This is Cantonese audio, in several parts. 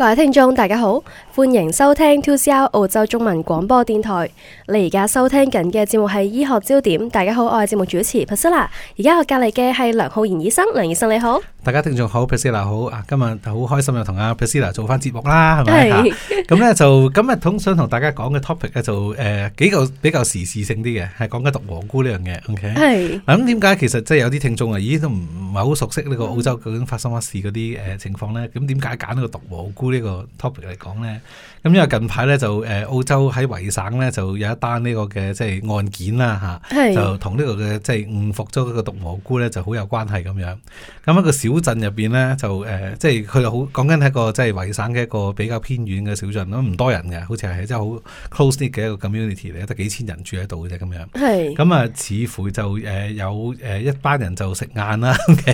各位聽眾大家好，歡迎收聽 2CR 澳洲中文廣播電台。你而家收聽緊嘅節目係醫學焦點。大家好，我係節目主持 Priscilla。而家我隔籬嘅係梁浩然醫生，梁醫生你好。大家聽眾好，Priscilla 好啊！今日好開心又同阿 Priscilla 做翻節目啦，係咪咁咧就今日統想同大家講嘅 topic 咧就誒、呃、幾個比較時事性啲嘅，係講緊毒蘑菇呢樣嘢。OK，係。咁點解其實即係有啲聽眾啊？已經都唔唔係好熟悉呢個澳洲究竟發生乜事嗰啲誒情況咧？咁點解揀呢個毒蘑菇？呢、這個 topic 嚟講咧，咁因為近排咧就誒澳洲喺維省咧就有一單呢個嘅即係案件啦，就同呢、這個嘅即係誤服咗個個毒蘑菇咧就好有關係咁樣。咁、那、一個小鎮入面咧就、呃、即係佢好講緊係一個即係維省嘅一個比較偏遠嘅小鎮啦，唔多人嘅，好似係即係好 close knit 嘅一個 community 嚟，得幾千人住喺度嘅啫咁樣。咁啊，似乎就、呃、有、呃、一班人就食晏啦。OK，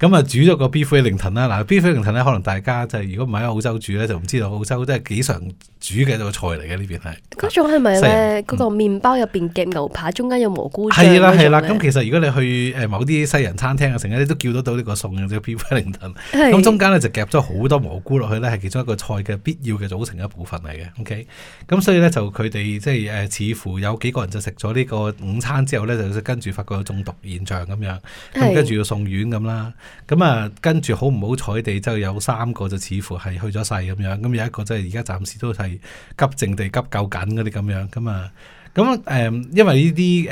咁啊煮咗個 beef Wellington 啦。嗱、呃、beef Wellington 咧，可能大家就係、是、如果唔係喺澳州煮咧，就唔知道澳洲都係幾常煮嘅個菜嚟嘅呢，邊係嗰種係咪呢嗰個麵包入面夾牛扒，中間有蘑菇。係啦係啦，咁其實如果你去某啲西人餐廳啊，成日都叫得到呢個餸嘅，叫 Beef Wellington，咁中間呢，就夾咗好多蘑菇落去呢，係其中一個菜嘅必要嘅組成一部分嚟嘅。OK，咁所以咧就佢哋即係、呃、似乎有幾個人就食咗呢個午餐之後咧，就跟住發覺有中毒現象咁樣，咁跟住要送院咁啦。咁啊，跟住好唔好彩地就有三個就似乎係去。咗世咁樣，咁有一個即係而家暫時都係急症地急救緊嗰啲咁樣咁啊，咁誒、嗯，因為呢啲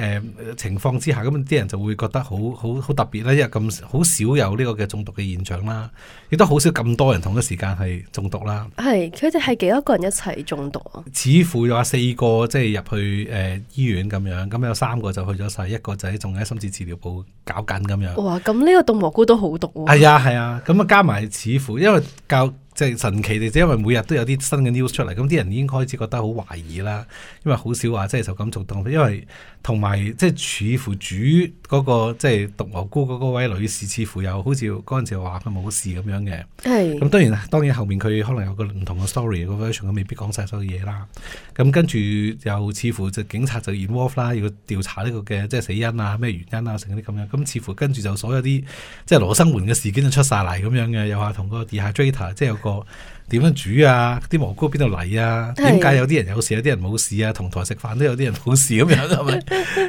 誒情況之下，咁啲人就會覺得好好好特別啦。因為咁好少有呢個嘅中毒嘅現象啦，亦都好少咁多人同一時間係中毒啦。係佢哋係幾多個人一齊中毒啊？似乎有四個即係入去誒、呃、醫院咁樣，咁有三個就去咗世，一個就喺深切治療部搞緊咁樣。哇！咁呢個毒蘑菇都好毒喎。係啊係啊，咁啊，啊加埋似乎因為教。即、就、係、是、神奇地，即因為每日都有啲新嘅 news 出嚟，咁啲人已經開始覺得好懷疑啦。因為好少話即係就咁做動，因為同埋即係似乎主嗰、那個即係、就是、毒蘑菇嗰位女士，似乎又好似嗰陣時話佢冇事咁樣嘅。係。咁當然啦，當然後面佢可能有個唔同嘅 story，個 version，佢未必講晒所有嘢啦。咁跟住又似乎就警察就 involve 啦，要調查呢、這個嘅即係死因啊，咩原因啊，成嗰啲咁樣。咁似乎跟住就所有啲即係羅生門嘅事件就出晒嚟咁樣嘅，又話同個地下 dehydrator 即係。個點樣煮啊？啲蘑菇邊度嚟啊？點解有啲人有事，有啲人冇事啊？同台食飯都有啲人冇事咁、啊、 樣，係咪？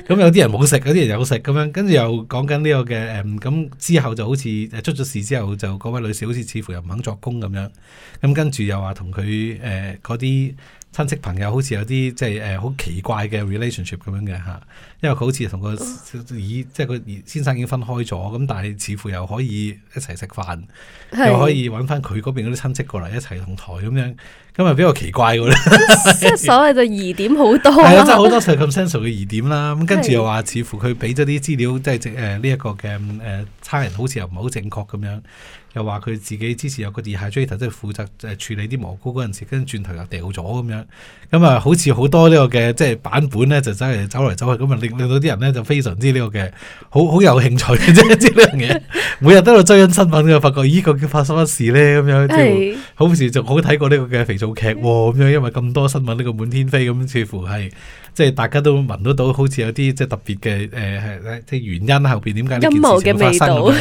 咁有啲人冇食，有啲人有食咁樣，跟住又講緊呢個嘅誒，咁之後就好似出咗事之後就，就嗰位女士好似似乎又唔肯作工咁樣，咁、嗯、跟住又話同佢誒嗰啲。呃親戚朋友好似有啲即係誒好奇怪嘅 relationship 咁樣嘅吓，因為佢好似同個已、Oh. 即係佢先生已經分開咗，咁但係似乎又可以一齊食飯，又可以搵返佢嗰邊啲親戚過嚟一齊同台咁樣。今日比較奇怪喎，即係所謂就疑點好多，啊 對，係即係好多 circumstance 嘅疑點啦。咁 跟住又話似乎佢俾咗啲資料，即係誒呢一個嘅誒差人，好似又唔係好正確咁樣。又話佢自己之前有個 detector 即係負責誒處理啲蘑菇嗰陣時候，跟住轉頭又掉咗咁樣。咁，嗯，啊，好似好多呢個嘅即係版本咧，就走嚟走嚟走去，咁啊令到啲人咧就非常之呢，這個嘅，好好有興趣嘅，呢樣嘢。每日都度追緊新聞，就發覺咦究竟發生乜事咧咁樣， 就好似仲好睇過呢個嘅肥劇咁樣，因為咁多新聞呢個滿天飛咁，似乎係即係大家都聞得到，好似有啲即係特別嘅誒，係即係原因後邊點解呢件事嘅發生咁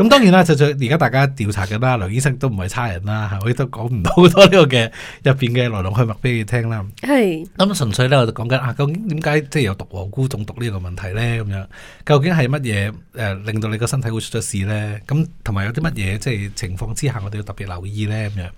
樣。 當然啦，就而家大家調查緊啦，梁醫生都唔係差人啦，我亦都講唔到好多呢個嘅入邊嘅來龍去脈俾你聽啦。係咁純粹咧，我就講緊啊，究竟點解即係有毒蘑菇中毒呢個問題咧？咁樣究竟係乜嘢誒令到你個身體會出咗事咧？咁同埋有啲乜嘢即係情況之下，我哋要特別留意咧？咁樣。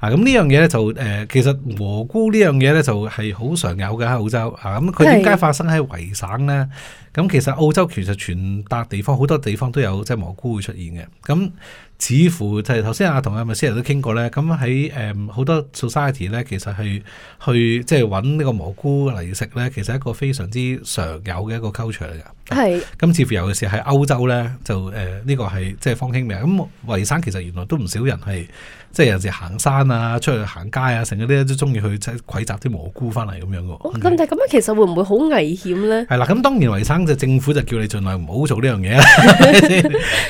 啊，咁呢樣嘢咧就其實蘑菇呢樣嘢咧就係好常有嘅，喺澳洲。咁佢點解發生喺維省咧？咁其實澳洲其實全笪地方好多地方都有即係蘑菇會出現嘅。咁、啊、似乎就係頭先阿同阿咪先人都傾過咧。咁喺誒好多 society 咧，其實係去即係揾呢個蘑菇嚟食咧，其實一個非常之常有嘅一個 culture 嚟㗎。咁、啊、似乎尤其是喺歐洲咧，就呢、啊這個係即係方興未嘅。咁、啊、維省其實原來都唔少人係。即係有時行山啊，出去行街啊，成日啲都中意去攜集啲蘑菇翻嚟咁樣咁、哦、但係咁樣、嗯、其實會唔會好危險咧？係啦，咁當然衞生就政府就叫你儘量唔好做呢樣嘢啦。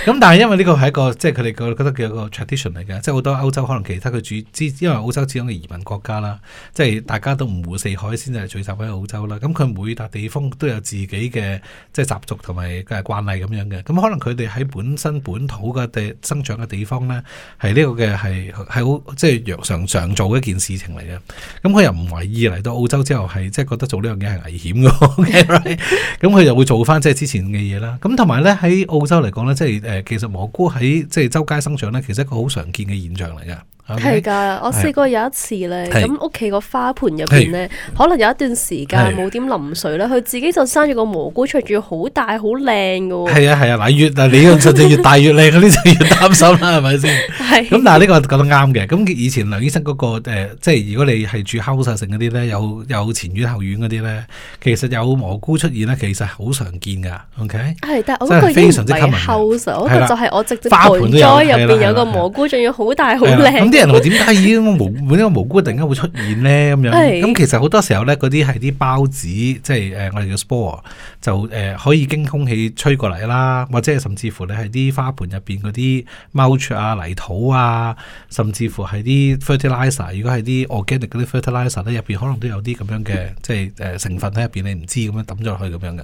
咁 但係因為呢個係一個即係佢哋覺覺得叫一個 tradition 嚟嘅，即係好多歐洲可能其他佢主之，因為澳洲始終係移民國家啦，即係大家都五湖四海先就係聚集喺澳洲啦。咁佢每笪地方都有自己嘅即係習俗同埋嘅慣例咁樣嘅。咁可能佢哋喺本身本土嘅地生長嘅地方咧，係呢個嘅係。係好即係若常常做嘅一件事情嚟嘅，咁佢又唔為意嚟到澳洲之後係即係覺得做呢樣嘢係危險嘅，咁 佢 又會做翻即係之前嘅嘢啦。咁同埋咧喺澳洲嚟講咧，即係誒，其實蘑菇喺即係周街生長咧，其實一個好常見嘅現象嚟嘅。係、okay, 噶，我試過有一次咧，咁屋企個花盆入面咧，可能有一段時間冇點淋水咧，佢自己就生咗個蘑菇出去，出住好大好靚嘅喎。係啊係啊，嗱越 你就越大越靚嗰啲就越擔心啦，係咪先？咁但係呢個講得啱嘅，咁以前梁醫生嗰、那個、呃、即係如果你係住 house 成嗰啲咧，有有前院後院嗰啲咧，其實有蘑菇出現咧，其實好常見噶。OK。係，但係我覺得非常之吸引。我覺得就係我直接盆栽入面有個蘑菇，仲要好大好靚。 人話點解依個無呢個蘑菇突然間會出現咧咁樣？咁 其實好多時候咧，嗰啲係啲孢子，即係誒我哋叫 spore，就誒可以經空氣吹過嚟啦，或者甚至乎你係啲花盆入邊嗰啲 mould 啊、泥土啊，甚至乎係啲 fertilizer。如果係啲 organic 嗰啲 fertilizer 咧，入邊可能都有啲咁樣嘅，即係誒成分喺入邊，你唔知咁樣抌咗落去咁樣嘅。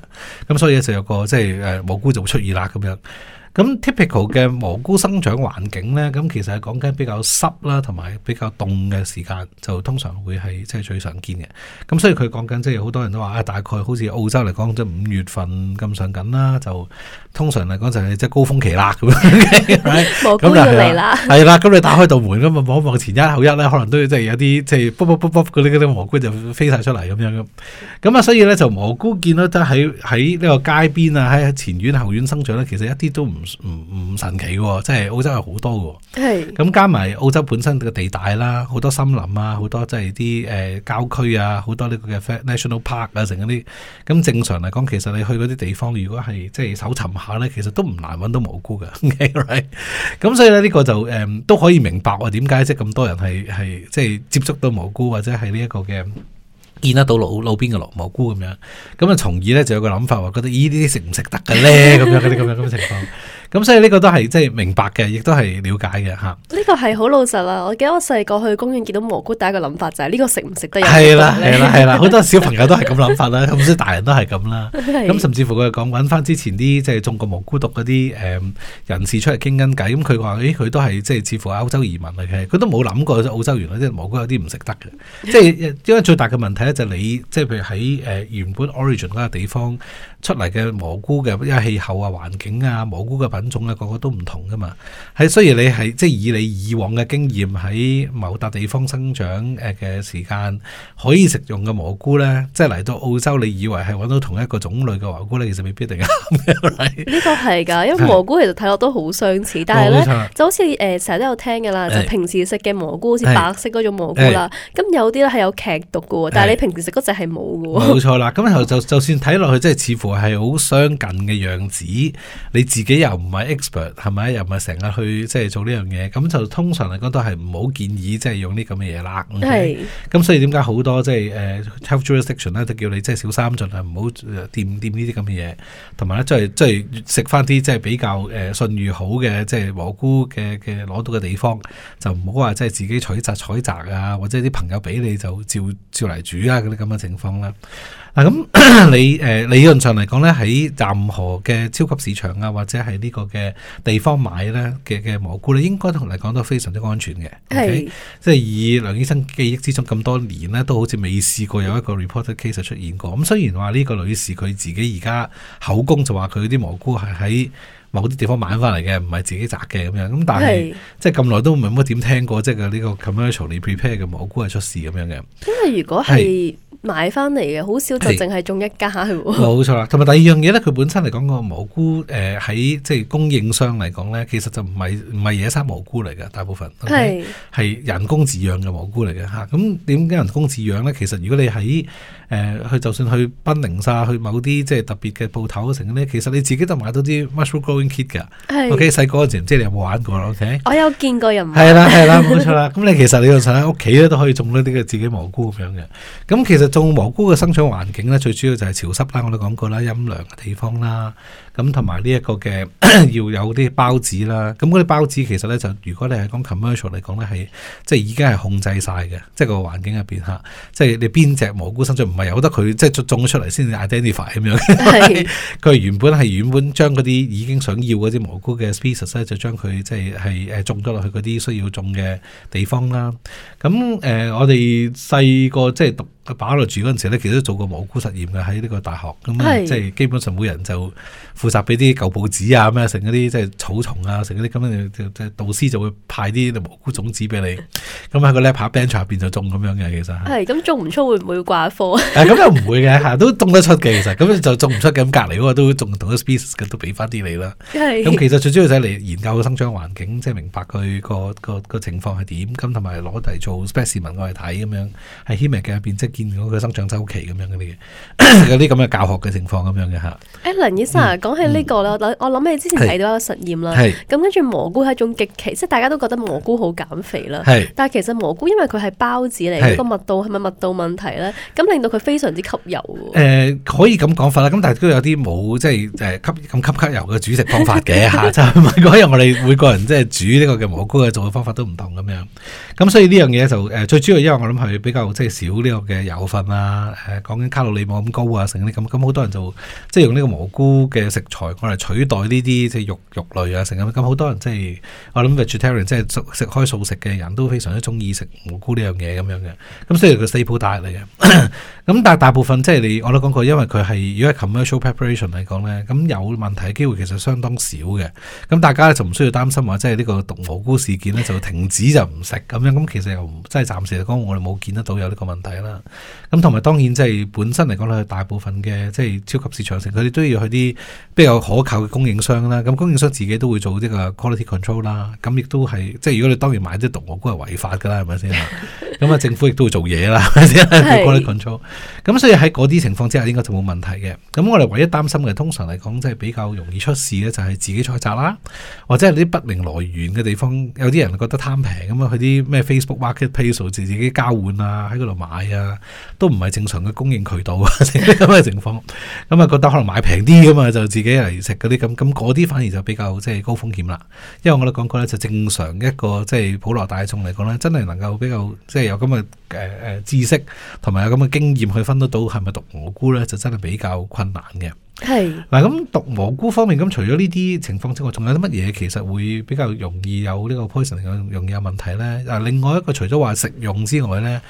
咁所以就有個即係誒蘑菇就會出現啦咁樣。咁 typical 嘅蘑菇生長環境咧，咁其實係講緊比較濕啦，同埋比較凍嘅時間，就通常會係即係最常見嘅。咁所以佢講緊即係好多人都話啊，大概好似澳洲嚟講，即係五月份咁上緊啦，就通常嚟講就係即係高峰期啦。 蘑菇咁嚟啦，係啦、就是，咁你打開道門咁啊，望一望前一後一咧，可能都即係有啲即係卜卜卜卜嗰啲蘑菇就飛晒出嚟咁樣嘅。咁啊，所以咧就蘑菇見到得喺喺呢個街邊啊，喺前院後院生長咧，其實一啲都唔～唔、嗯、唔、嗯嗯嗯、神奇嘅、哦，即係澳洲係好多嘅、哦，咁加埋澳洲本身個地帶啦，好多森林很多、呃、啊，好多即係啲誒郊區啊，好多呢個嘅 National Park 啊，成嗰啲。咁、嗯、正常嚟講，其實你去嗰啲地方，如果係即係搜尋下呢，其實都唔難揾到蘑菇嘅。咁、okay, right? 嗯、所以呢，呢個就誒、嗯、都可以明白，點解即係咁多人係係即係接觸到蘑菇，或者係呢一個嘅見得到路路邊嘅蘑菇咁樣。咁啊，從而呢，就有個諗法話，覺得，這些吃得呢啲食唔食得嘅咧，咁樣啲咁樣咁嘅情況。咁、嗯、所以呢個都係即係明白嘅，亦都係了解嘅吓。呢個係好老實啦。我記得我細個去公園見到蘑菇第一個諗法就係呢個食唔食得入。係啦係啦係啦，好 多小朋友都係咁諗法啦，咁 所以大人都係咁啦。咁、嗯、甚至乎佢講揾翻之前啲即係中過蘑菇毒嗰啲誒人士出嚟傾緊偈，咁佢話，咦、哎，佢都係即係似乎歐洲移民嚟嘅，佢都冇諗過澳洲原來即係蘑菇有啲唔食得嘅。即 係因為最大嘅問題咧，就你即係譬如喺原本 origin 嗰個地方。出嚟嘅蘑菇嘅，因為氣候啊、環境啊、蘑菇嘅品種啊，個個都唔同噶嘛，所以。係雖然你係即係以你以往嘅經驗，喺某笪地方生長誒嘅時間可以食用嘅蘑菇咧，即係嚟到澳洲，你以為係揾到同一個種類嘅蘑菇咧，其實未必定。呢個係㗎，因為蘑菇其實睇落都好相似，是但係咧就好似誒成日都有聽㗎啦，就平時食嘅蘑菇好似白色嗰種蘑菇啦，咁有啲咧係有劇毒㗎喎，但係你平時食嗰隻係冇㗎喎。冇錯啦，咁後就就算睇落去，即係似乎。係好相近嘅樣子，你自己又唔係 expert，係咪？又唔係成日去即係做呢樣嘢，咁就通常嚟講都係唔好建議，即係用呢咁嘅嘢啦。係，咁、嗯、所以點解好多即係誒、uh,，health jurisdiction 咧就叫你即係小三頓啊，唔好掂掂呢啲咁嘅嘢，同埋咧即係即係食翻啲即係比較誒、呃、信譽好嘅，即係蘑菇嘅嘅攞到嘅地方，就唔好話即係自己採摘採摘啊，或者啲朋友俾你就照照嚟煮啊嗰啲咁嘅情況啦。嗱咁，你誒理論上嚟講咧，喺任何嘅超級市場啊，或者喺呢個嘅地方買咧嘅嘅蘑菇咧，應該同嚟講都非常之安全嘅。係、okay？即係以梁醫生記憶之中咁多年咧，都好似未試過有一個 reported case 出現過。咁雖然話呢個女士佢自己而家口供就話佢啲蘑菇係喺。某啲地方買翻嚟嘅，唔係自己摘嘅咁樣，咁但係即係咁耐都唔係乜點聽過，即係呢個 commercially prepare 嘅蘑菇係出事咁樣嘅。因為如果係買翻嚟嘅，好少就淨係種一家喎。冇錯啦，同埋第二樣嘢咧，佢本身嚟講個蘑菇誒，喺、呃、即係供應商嚟講咧，其實就唔係唔係野生蘑菇嚟嘅，大部分係係人工飼養嘅蘑菇嚟嘅吓。咁點解人工飼養咧？其實如果你喺。誒、呃，去就算去 Bunnings 晒，去某啲即係特別嘅鋪頭成咧，其實你自己都買到啲 mushroom growing kit 噶。OK，細個嗰陣，即、okay? 係你有冇玩過啦？OK，我有見過又係啦係啦，冇錯啦。咁 你其實你喺屋企咧都可以種呢啲嘅自己蘑菇咁樣嘅。咁其實種蘑菇嘅生長環境咧，最主要就係潮濕啦，我都講過啦，陰涼嘅地方啦。咁同埋呢一個嘅 要有啲孢子啦，咁嗰啲孢子其實咧就，如果你係講 commercial 嚟講咧，係即係已經係控制晒嘅，即係個環境入邊。即係你邊隻蘑菇生長唔係由得佢即係種出嚟先至 identify 咁樣嘅，佢原本係原本將嗰啲已經想要嗰啲蘑菇嘅 species 咧，就將佢即係係誒種咗落去嗰啲需要種嘅地方啦。咁誒，我哋細個即係擺落住嗰陣時其實都做過蘑菇實驗嘅，喺呢個大學。咁即係基本上每人就負責俾啲舊報紙啊，咁啊，成啲即係草叢啊，成嗰啲咁啊，即係導師就會派啲蘑菇種子俾你，咁喺個 lab bench 就種咁樣嘅。其實係咁種唔出會唔會掛科咁？啊、又唔會嘅都種得出嘅其實，咁就種唔出嘅。咁隔離嗰個都種同啲 species 嘅都俾翻啲你啦。咁其實最主要就係嚟研究個生長環境，即、就、係、係、明白佢、個、個個情況係點咁，同埋攞嚟做 specimen 我哋睇咁樣係 h u 嘅見到佢生長周期咁樣嗰啲嘅，有啲咁嘅教學嘅情況咁樣嘅吓。誒、嗯，梁醫生講起呢、呢個咧、嗯，我諗起之前睇到一個實驗啦。係咁跟住蘑菇係一種極其，即係大家都覺得蘑菇好減肥啦。但係其實蘑菇因為佢係包子嚟，個密度係咪密度問題咧？咁令到佢非常之吸油。誒、呃，可以咁講法啦。咁但係都有啲冇即係吸咁吸吸油嘅煮食方法嘅嚇，就係嗰日我哋每個人即係煮呢個嘅蘑菇嘅做嘅方法都唔同咁樣。咁所以呢樣嘢就、呃、最主要，因為我諗係比較即係少呢個嘅油分啊！誒講緊卡路里冇咁高啊，成啲咁咁，好多人就即係用呢個蘑菇嘅食材，我嚟取代呢啲即係肉肉類啊，成咁。咁好多人即係我諗 vegetarian 即係食開開素食嘅人都非常之中意食蘑菇呢樣嘢咁樣嘅。咁雖然佢 staple diet 嚟嘅，咁 但係大部分即係你我都講過因為佢係如果 commercial preparation 嚟講咧，咁有問題機會其實相當少嘅。咁大家就唔需要擔心話即係呢個毒蘑菇事件咧就停止就唔食咁。咁其實又即係暫時嚟講，我哋冇見得到有呢個問題啦。咁同埋當然即係本身嚟講咧，大部分嘅即係超級市場成佢哋都要去啲比較可靠嘅供應商啦。咁供應商自己都會做呢個 quality control 啦。咁亦都係即係如果你當然買啲毒蘑菇係違法㗎啦，係咪先？ 咁啊，政府亦都會做嘢啦，係咪先？過啲管控，咁所以喺嗰啲情況之下，應該就冇問題嘅。咁我哋唯一擔心嘅，通常嚟講，即係比較容易出事咧，就係自己採集啦，或者係啲不明來源嘅地方，有啲人覺得貪平咁啊，去啲咩 Facebook Marketplace 自自己交換啊，喺嗰度買啊，都唔係正常嘅供應渠道咁嘅 情況。咁啊，覺得可能買平啲噶嘛，就自己嚟食嗰啲咁，咁嗰啲反而就比較即係高風險啦。因為我哋講過咧，就正常一個即係普羅大眾嚟講咧，真係能夠比較即係有咁嘅誒誒知識同埋有咁嘅經驗，去分得到，係咪毒蘑菇咧，就真係比較困難嘅。係嗱，咁、啊、毒蘑菇方面，咁除咗呢啲情況之外，仲有啲乜嘢其實會比較容易有呢個 poison，容易有問題咧？啊，另外一個除咗話食用之外咧，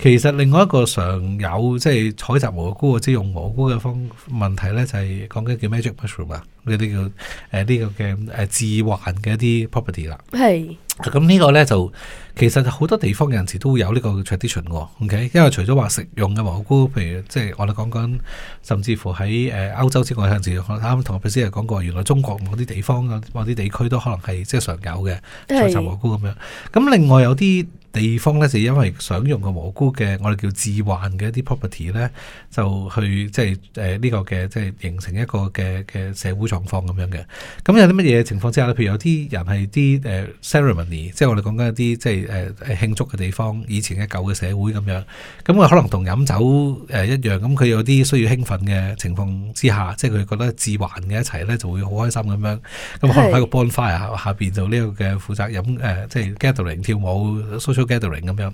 其實另外一個常有即係採集蘑菇或者、就是、用蘑菇嘅方問題咧，就係講緊叫 magic mushroom 啊？呢啲叫誒呢個嘅誒致幻嘅一啲 property 啦。係咁呢個咧就其實好多地方人士都有呢個 tradition 嘅，OK？因為除咗話食用嘅蘑菇，譬如即係我哋講緊甚至乎喺誒周知我上次啱啱同我表姐又講過，原來中國某啲地方、某啲地區都可能係即係常有嘅彩鴨蘑菇咁樣。咁另外有啲，嗯地方咧就因為想用個蘑菇嘅我哋叫致幻嘅一啲 property 咧，就去即係誒呢個嘅即係形成一個嘅嘅社會狀況咁樣嘅。咁有啲乜嘢情況之下咧？譬如有啲人係啲誒 ceremony，即係我哋講緊一啲即係誒誒慶祝嘅地方，以前嘅舊嘅社會咁樣，咁啊可能同飲酒誒一樣，咁、呃、佢有啲需要興奮嘅情況之下，即係佢覺得致幻嘅一齊咧就會好開心咁樣，咁可能喺個 bonfire 下下邊，呢個嘅負責飲誒即、呃、係、就是、gathering 跳舞，gathering 咁樣，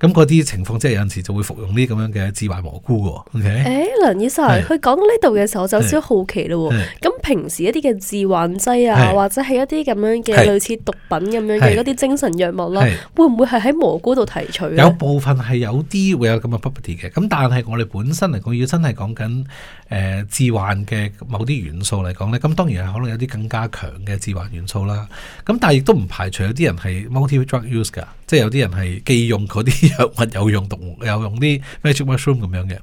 咁嗰啲情況即係有陣時就會服用啲咁樣嘅致幻蘑菇嘅。誒、okay? 欸，梁醫生，佢講到呢度嘅時候，我就有少好奇啦喎。咁平時一啲嘅致幻劑啊，是或者係一啲咁樣嘅類似毒品咁樣嘅嗰啲精神藥物啦、啊，會唔會係喺蘑菇度提取？有部分係有啲會有咁嘅 property 嘅。咁但係我哋本身嚟講，如果真係講緊誒致幻嘅某啲元素嚟講咧，咁當然係可能有啲更加強嘅致幻元素啦。咁但係亦都唔排除有啲人係 multi drug use 噶，即係有啲人。係既用嗰啲藥物又用動又用啲 magic mushroom 咁樣嘅，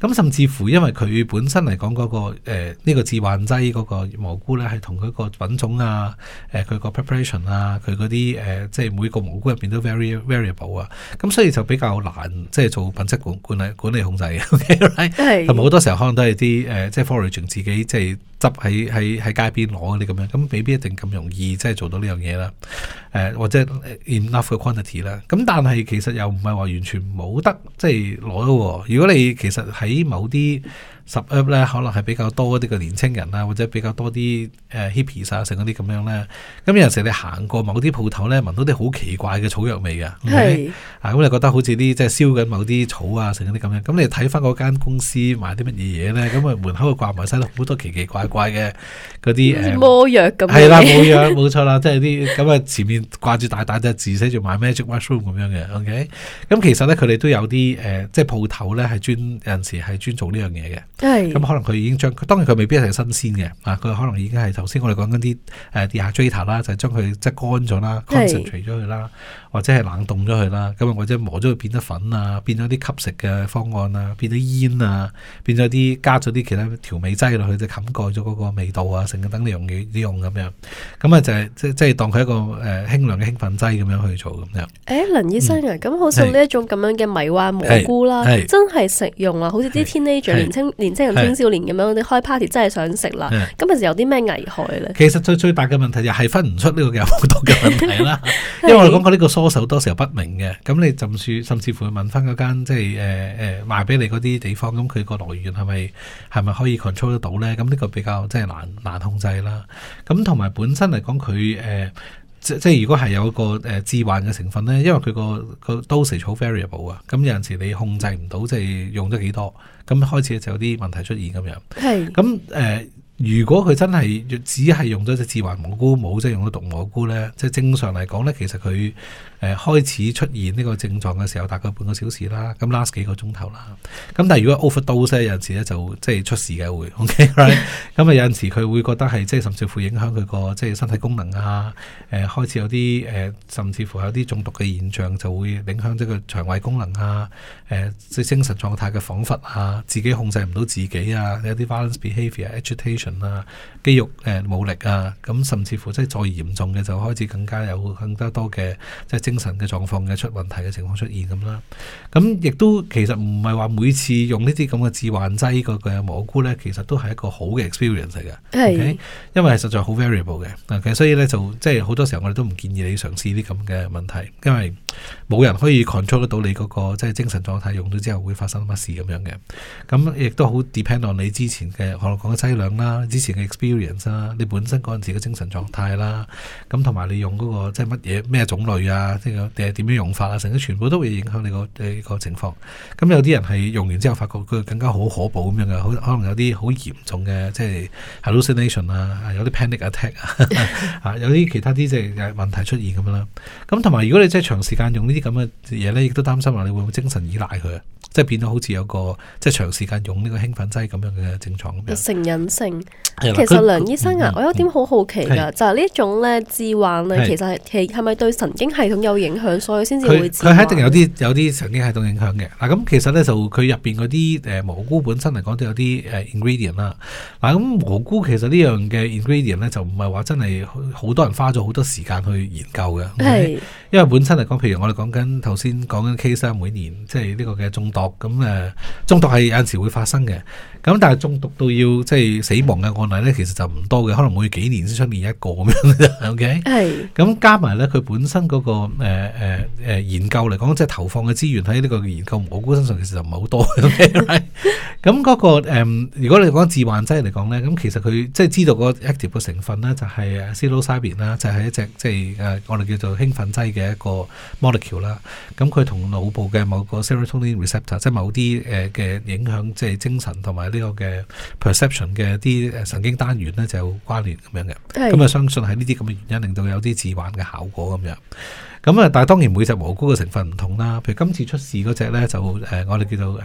咁甚至乎因為佢本身嚟講嗰個誒呢，呃這個致幻劑嗰個蘑菇咧，係同佢個品種啊，誒佢個 preparation 啊，佢嗰啲誒即係每個蘑菇入邊都 very variable 啊，咁所以就比較難即係做品質管管理管理控制嘅，同埋好多時候可能都係啲誒即係 foraging 自己即係。執喺喺喺街邊攞嗰啲咁樣，咁未必一定咁容易，即係做到呢樣嘢啦。誒，或者 in enough quantity 啦。咁但係其實又唔係話完全冇得，即係攞喎。如果你其實喺某啲。十 up 咧，可能係比較多啲嘅年青人啊，或者比較多啲誒 hippies 啊，成嗰啲咁樣咧。咁有陣時你行過某啲鋪頭咧，聞到啲好奇怪嘅草藥味嘅，okay? 啊，咁、嗯、你覺得好似啲即係燒緊某啲草啊，成嗰啲咁樣。咁、嗯、你睇翻嗰間公司賣啲乜嘢嘢咧？咁、嗯、啊門口啊掛埋晒好多奇奇怪怪嘅嗰啲誒， 魔藥咁，係啦，魔藥冇 錯啦，即係啲咁啊前面掛住大大隻字寫住賣 Magic Mushroom 咁樣嘅，OK、嗯。咁其實咧佢哋都有啲誒、呃，即係鋪頭咧係專有陣時係專做呢樣嘢嘅。咁、嗯、可能佢已經將，當然佢未必係新鮮嘅，啊，佢可能已經係頭先我哋講緊啲地下追塔啦，就係、是、將佢即、就是、乾咗啦，concentrate 咗佢啦，或者係冷凍咗佢啦，咁啊或者磨咗佢變得粉啊，變咗啲吸食嘅方案啊，變咗煙啊，變咗啲加咗啲其他調味劑落去，就冚蓋咗嗰個味道啊，成日等，等你用嘅啲用咁樣，咁啊就係即即係當佢一個、呃、輕量嘅興奮劑咁樣去做咁樣。誒、欸，林醫生啊，咁、嗯、好似呢一種咁樣嘅迷幻蘑菇啦，真係食用啊，好似啲天然長年。年青人、青少年咁樣啲開 party 真係想食啦，咁嘅時候有啲咩危害咧？其實最最大嘅問題就係分唔出呢個有好多嘅問題啦 是。的笑因為我哋講過呢個疏手多時候不明嘅，咁你甚至甚至乎問翻嗰間即係、呃、賣俾你嗰啲地方，咁佢個來源係咪係咪可以 control 得到咧？咁呢個比較即係難,難控制啦。咁同埋本身嚟講佢即即如果係有一個致幻嘅成分呢，因為佢個個 dosage 好 variable 啊，咁有陣時候你控制唔到，即、就、係、是、用咗幾多，咁開始就有啲問題出現咁樣。係，咁誒、呃，如果佢真係只係用咗隻致幻蘑菇，冇即係用咗毒蘑菇呢？即係正常嚟講呢，其實佢。誒開始出現呢個症狀嘅時候，大概半個小時啦，咁 last 幾個鐘頭啦。咁但係如果 overdose 有陣時咧，就即係出事嘅會，OK，咁、right? 啊 有陣時佢會覺得係即係甚至乎影響佢個即係身體功能啊。誒開始有啲誒，甚至乎有啲中毒嘅現象，就會影響即係個腸胃功能啊。誒即係精神狀態嘅恍惚啊，自己控制唔到自己啊，有啲 violence behavior agitation 啊，肌肉誒無力啊。咁甚至乎即係再嚴重嘅，就開始更加有更加多嘅即係。就是精神嘅狀況嘅出問題嘅情況出現咁啦，咁亦都其實唔係話每次用呢啲咁嘅致幻劑嗰個蘑菇呢，其實都係一個好嘅 experience 嚟嘅，okay? 因為係實在好 variable 嘅。Okay? 所以呢，就即係好多時候我哋都唔建議你嘗試啲咁嘅問題，因為冇人可以 control 得到你嗰、嗰個即係精神狀態用咗之後會發生乜事咁樣嘅。咁亦都好 depend on 你之前嘅我講嘅劑量啦，之前嘅 experience 啦，你本身嗰陣時嘅精神狀態啦，咁同埋你用嗰個即係乜嘢咩種類啊？即係點樣用法啊，甚至全部都會影響你個情況。咁有啲人係用完之後，發覺佢更加好可怖咁樣嘅，可能有啲好嚴重嘅，即係 hallucination 啊，有啲 panic attack 啊， 有啲其他啲即係問題出現咁樣啦。咁同埋如果你真係長時間用呢啲咁嘅嘢咧，亦都擔心話你會唔會精神依賴佢，即係變咗好似有個即係長時間用呢個興奮劑咁樣嘅症狀咁樣。成癮性。其實梁醫生啊、嗯，我有啲好好奇㗎、嗯嗯，就係呢一種咧致幻咧，其實係係咪對神經系統有有影響，所以先至會。佢一定有啲有啲曾經系統影響嘅。嗱咁其實咧就佢入邊嗰啲誒蘑菇本身嚟講都有啲誒 ingredient 啦。嗱咁蘑菇其實呢樣、呃啊啊、其實呢樣嘅 ingredient 咧就唔係話真係好多人花咗好多時間去研究嘅。係、嗯。因為本身嚟講，譬如我哋講緊頭先講緊 case 啊，每年即係呢個嘅中毒咁誒、嗯啊，中毒係有陣時會發生嘅。咁、嗯、但係中毒到要即係、即係、死亡嘅案例咧，其實就唔多嘅，可能每幾年先出現一個咁樣 O K。係。咁、 嗯、加埋咧，佢本身嗰、嗰個。誒誒誒研究嚟講，即係投放嘅資源喺呢個研究蘑菇身上其實就唔係好多。咁 嗰、right? 嗰個、呃、如果你講致幻劑嚟講咧，咁其實佢即係知道個 active 嘅成分咧，就係 psilocybin 啦，就係一隻即係誒、啊、我哋叫做興奮劑嘅一個 molecule 啦。咁佢同腦部嘅某個 serotonin receptor，即係某啲誒嘅影響，即係精神同埋呢個嘅 perception 嘅啲神經單元咧，就有關聯咁樣嘅。咁啊，就相信喺呢啲咁嘅原因，令到有啲致幻嘅效果咁樣。咁、嗯、啊！但係當然每隻蘑菇嘅成分唔同啦。譬如今次出事嗰隻咧，就、呃、我哋叫做、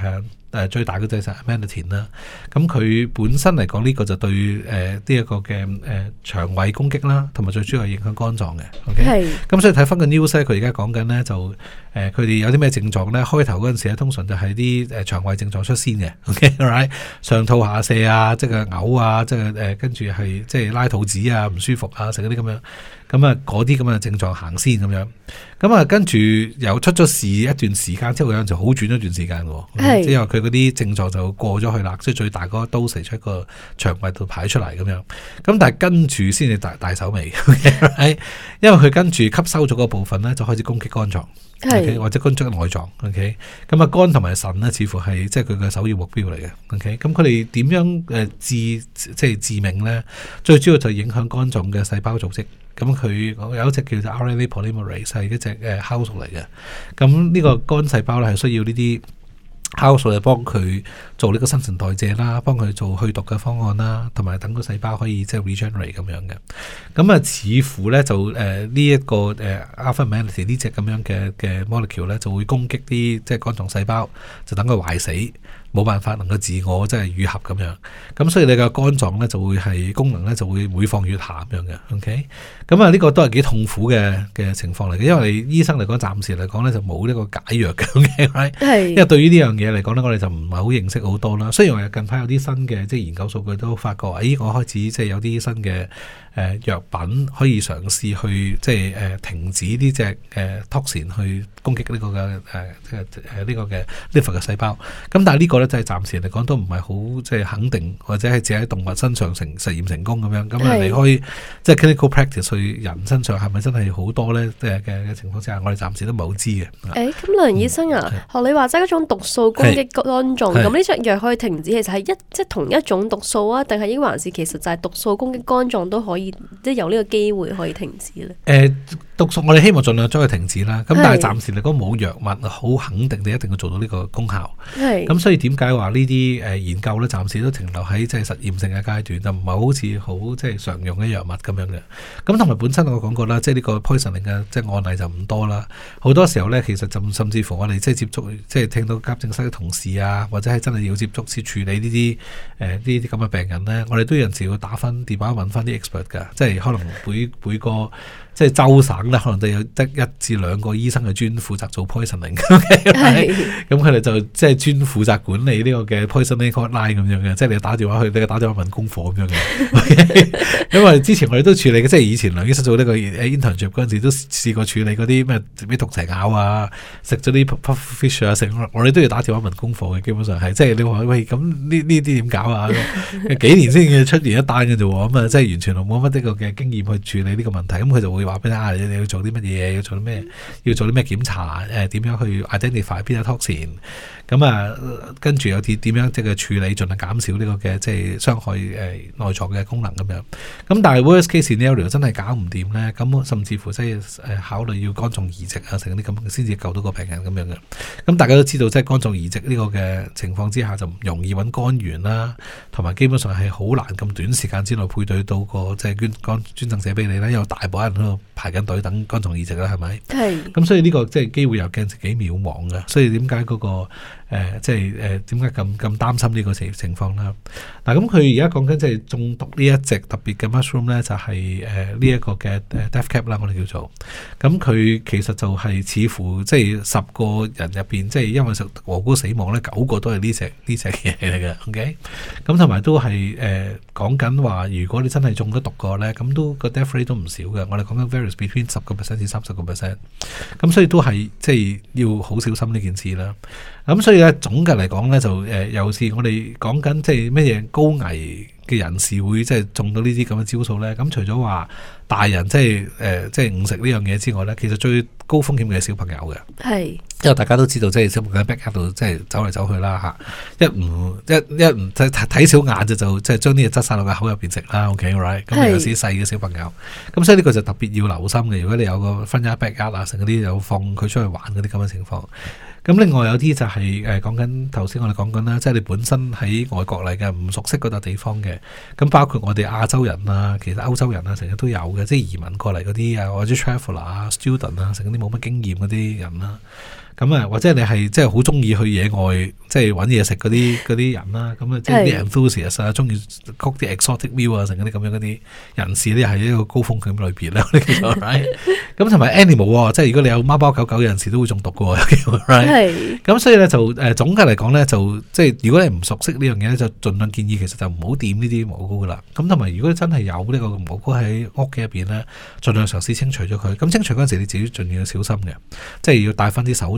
呃、最大嗰隻就 Amanitin 啦。咁佢本身嚟講呢個就對誒呢一個嘅誒、呃呃呃、腸胃攻擊啦，同埋最主要係影響肝臟嘅。OK，咁、嗯、所以睇翻個 news 呢，佢而家講緊咧就佢哋、呃、有啲咩症狀咧？開頭嗰陣時咧，通常就係啲誒腸胃症狀出先嘅。OK，right？Okay？上吐下瀉啊，即係嘔啊，即係跟住係即係拉肚子啊，唔舒服啊，成嗰啲咁樣。咁、嗯、啊，嗰啲咁嘅症狀先行先咁樣，咁、嗯、啊、嗯、跟住又出咗事一段時間之後，有陣時好轉咗一段時間喎、嗯。即係話佢嗰啲症狀就過咗去啦，即係最大嗰刀射出個腸胃度排出嚟咁樣，咁、嗯嗯、但係跟住先至大大手尾， 因為佢跟住吸收咗嗰部分咧，就開始攻擊肝臟。Okay? 或者肝臟嘅內臟，OK，咁、嗯、啊肝同埋腎咧，似乎係即係佢嘅首要目標嚟嘅，OK，咁佢哋點樣誒致、呃、即係致命咧？最主要就係影響肝臟嘅細胞組織，咁、嗯、佢有一隻叫做 RNA polymerase 係一隻誒酵素嚟嘅，咁、嗯、呢、嗯嗯這個肝細胞咧係需要呢啲。酵素就幫佢做呢個新陳代謝啦，幫佢做去毒嘅方案啦，同埋等個細胞可以即係 regenerate 咁樣嘅。咁啊，似乎咧就誒呢一個誒 alpha amanitin 呢隻咁樣嘅嘅 molecule 咧，就會攻擊啲即係肝臟細胞，就等佢壞死。冇辦法能夠自我即係愈合咁樣，咁所以你嘅肝臟咧就會係功能咧就會每放越鹹咁樣嘅，OK？咁啊呢個都係幾痛苦嘅嘅情況嚟嘅，因為你醫生嚟講暫時嚟講咧就冇呢個解藥嘅、right？因為對於呢樣嘢嚟講咧，我哋就唔係好認識好多啦。雖然我近排有啲新嘅即係研究數據都發覺，哎，我開始即係有啲新嘅誒、呃、藥品可以嘗試去即係、呃、停止呢隻誒 toxin 去攻擊呢、呢個嘅即呢個嘅 liver 嘅細胞，咁但係呢個即係暫時嚟講都唔係好即係肯定，或者係試喺動物身上成實驗成功咁樣，咁係咪可以即係、就是、clinical practice 去人身上係咪真係好多咧？即係嘅情況之下，我哋暫時都唔係好知嘅。誒、欸，咁梁醫生啊，學、嗯、你話齋嗰種毒素攻擊肝臟，咁呢隻藥可以停止，其實係一即係、就是、同一種毒素啊，定係抑還是其實就係毒素攻擊肝臟都可以，即、就、係、是、有呢個機會可以停止咧？誒、欸，毒素我哋希望盡量將佢停止啦，咁但係暫時嚟講冇藥物好肯定你一定要做到呢個功效，咁所以點？解話呢啲誒研究咧，暫時都停留喺即係實驗性嘅階段，就唔係好似好即係常用嘅藥物咁樣嘅。咁同埋本身我講過啦，即係呢個 poisoning 嘅即係案例就唔多啦。好多時候咧，其實就甚至乎我哋即係接觸，即係聽到急症室嘅同事啊，或者係真係要接觸去處理呢啲誒呢啲咁嘅病人咧，我哋都有陣時要打翻電話搵翻啲 expert 噶，即係可能每每個。即係州省咧，可能都有得一至兩個醫生係專負責做 poisoning 咁佢哋就即係專負責管理呢個嘅 poisoning hotline 咁樣嘅，即係你打電話去，你打電話問功課咁樣嘅。 因為之前我哋都處理即係以前梁醫生做呢個 internship 嗰陣時，都試過處理嗰啲咩咩毒蛇咬啊，食咗啲 pufferfish 啊，食我哋都要打電話問功課嘅，基本上係即係你話喂咁呢呢啲點搞啊？幾年先至出現一單嘅啫喎，咁、嗯、啊，即係完全冇乜啲個嘅經驗去處理呢個問題，咁、嗯、佢就會。話俾你啊！你你要做啲乜嘢？要做啲咩？要做啲咩檢查？誒、呃、點樣去 identify 邊個 toxin？咁啊，跟住有啲點樣即係處理，盡量減少呢個嘅即係傷害誒、呃、內臟嘅功能咁樣。咁但係 worst case scenario 真係搞唔掂咧，咁甚至乎即係誒考慮要肝臟移植啊，成啲咁先至救到個病人咁樣嘅。咁大家都知道，即係肝臟移植呢個嘅情況之下，就唔容易揾肝源啦，同埋基本上係好難咁短時間之內配對到個即係捐肝捐贈者俾你啦。有大部分人排緊隊等肝臟移植啦，係咪？係。咁所以呢個即係機會又驚幾渺茫嘅，所以點解嗰個？誒、呃，即係誒點解咁咁擔心呢個情情況啦？嗱、啊，咁佢而家講緊即係中毒呢一隻特別嘅 mushroom 咧，就係誒呢一個嘅 death cap 啦，我哋叫做。咁、嗯、佢其實就係似乎即係十個人入邊，即係因為食蘑菇死亡咧，九個都係呢隻呢隻嘢嚟嘅。OK，咁同埋都係誒講緊話，呃、說說如果你真係中咗毒過咧，咁都個 death rate 都唔少嘅。我哋講緊 varies between 十個 percent 至三十個 percent，咁所以都係即係要好小心呢件事啦。咁所以咧，總嘅嚟講咧，就誒有時我哋講緊即係乜嘢高危嘅人士會即係中到呢啲咁嘅招數咧？咁除咗話大人即係、呃、即係唔食呢樣嘢之外咧，其實最高風險嘅係小朋友嘅。係，因為大家都知道、嗯、即係小朋友喺 backyard 度即係走嚟走去啦，一唔一一唔睇少小眼就就即係將啲嘢塞晒落個口入面食啦。OK，right、okay，咁有時細嘅小朋友，咁所以呢個就特別要留心嘅。如果你有個分家 backyard 啊，成嗰啲有放佢出去玩嗰啲咁嘅情況。咁另外有啲就係誒講緊頭先我哋講緊啦，即係你本身喺外國嚟嘅，唔熟悉嗰笪地方嘅。咁包括我哋亞洲人啊，其實歐洲人啊，成日都有嘅，即係移民過嚟嗰啲啊，或者 traveler 啊、student 啊，成日啲冇乜經驗嗰啲人啦。咁啊，或者你係即係好中意去野外，就是、的即係揾嘢食嗰啲啲人啦。咁啊，即係啲 enthusiast 啊，中意曲啲 exotic meal 啊，成嗰啲咁樣嗰啲人士呢，又係一個高風險類別啦。咁同埋 animal，即係如果你有貓貓狗狗嘅人士都會中毒嘅。咁、 right? 所以咧就誒總嘅嚟講咧，就即係如果你唔熟悉呢樣嘢咧，就儘量建議其實就唔好掂呢啲蘑菇啦。咁同埋如果你真係有呢個蘑菇喺屋企入邊咧，儘量嘗試清除咗佢。咁清除嗰陣時，你自己盡量要小心嘅，即係要帶翻啲手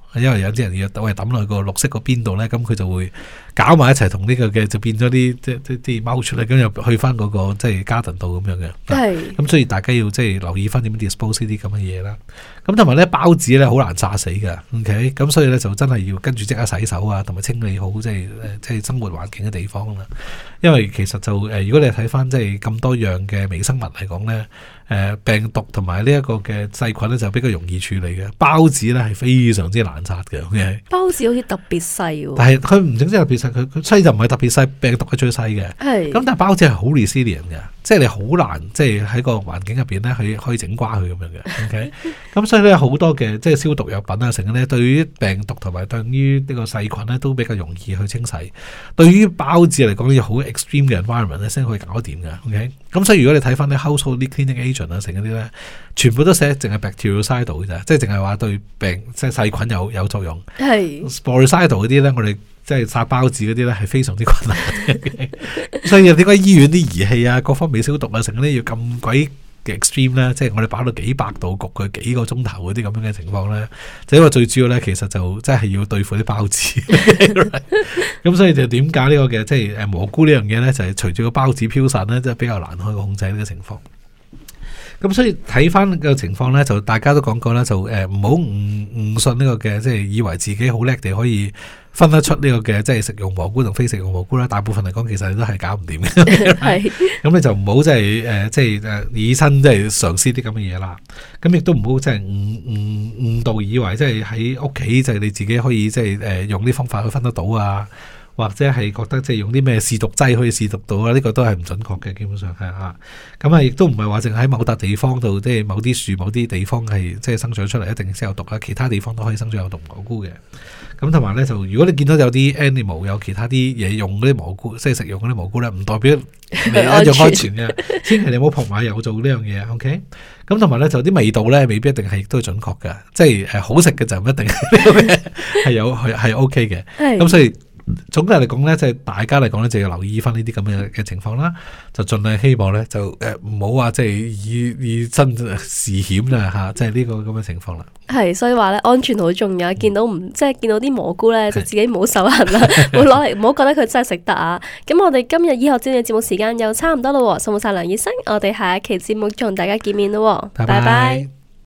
因為有啲人要喂抌落去個綠色個邊度咧，咁佢就會搞埋一齊，同呢個嘅就變咗啲即係啲啲貓出嚟，跟住又去翻嗰、那個即係 Garden 度咁樣嘅。係。咁所以大家要即係留意翻點樣 Dispose 呢啲咁嘅嘢啦。咁同埋咧，包子咧好難炸死㗎。OK。咁所以咧就真係要跟住即刻洗手啊，同埋清理好即係即係生活環境嘅地方啦。因為其實就誒、呃，如果你睇翻即係咁多樣嘅微生物嚟講咧。誒病毒同埋呢一個嘅細菌咧，就比較容易處理嘅。孢子咧係非常之難殺嘅。O.K. 孢子好似特別細喎，但係佢唔整真特別細，佢佢細就唔係特別細。病毒係最細嘅。咁但係孢子係好 resilient 嘅，即係你好難，即係喺個環境入邊咧，佢可以整瓜佢咁樣嘅。O.K. 咁 所以咧好多嘅即係消毒藥品啊，成日咧，對於病毒同埋對於呢個細菌咧，都比較容易去清洗。對於孢子嚟講，要好 extreme 嘅 environment 咧先可以搞掂嘅。O.K. 咁、嗯、所以如果你睇翻呢。成啲咧，全部都寫淨係 bactericidal 嘅啫，即係淨係話對病即係細菌有有作用。係 sporicidal 嗰啲咧，我哋即係殺孢子嗰啲咧，係非常之困難。 所以點解醫院啲儀器啊，各方面消毒啊，成嗰啲要咁鬼嘅 extreme 咧？即、就、係、是、我哋擺到幾百度焗佢幾個鐘頭嗰啲咁樣嘅情況咧，就是、因為最主要咧，其實就真係要對付啲孢子。咁 所以就點解呢個嘅即係誒蘑菇這東西呢樣嘢咧，就係隨住個孢子飄散咧，即係比較難去控制呢個情況。咁所以睇翻個情況咧，就大家都講過啦，就誒唔好誤誤信呢個嘅，即係以為自己好叻地可以分得出呢個嘅，即係食用蘑菇同非食用蘑菇啦。大部分嚟講，其實都係搞唔掂嘅。咁 是笑你就唔好即係誒，即係以身即係嘗試啲咁嘅嘢啦。咁亦都唔好即係誤誤誤導，以為即係喺屋企就係你自己可以即係誒用啲方法去分得到啊。或者係覺得即係用啲咩試毒劑可以試毒到啦？呢、這個都係唔準確嘅，基本上係啊。咁、嗯、啊，亦都唔係話淨喺某笪地方度，即係某啲樹、某啲地方係即係生長出嚟一定先有毒啦。其他地方都可以生長有毒蘑菇嘅。咁同埋咧，就如果你見到有啲 animal 有其他啲嘢用嗰啲蘑菇，即、就、係、是、食用嗰啲蘑菇咧，唔代表未安全嘅。千祈你唔好撲馬友做這、okay？嗯、有做呢樣嘢，OK？咁同埋咧，就啲味道咧，未必一定係都準確嘅，即係好食嘅就唔一定係 有係係 OK 嘅。咁、嗯、所以。總體嚟講咧，就係大家嚟講咧，就要留意翻呢啲咁樣嘅情況啦。就盡量希望咧，就誒唔好話即係以以身試險啦吓，即係呢個咁嘅情況啦。係所以話咧，安全好重要。嗯、見到唔即係見到啲蘑菇咧，就自己冇手痕啦，冇攞嚟，唔好 覺得佢真係食得啊。咁我哋今日醫學專業節目時間又差唔多啦喎，送晒梁醫生，我哋下一期節目仲同大家見面喎。拜拜。Bye bye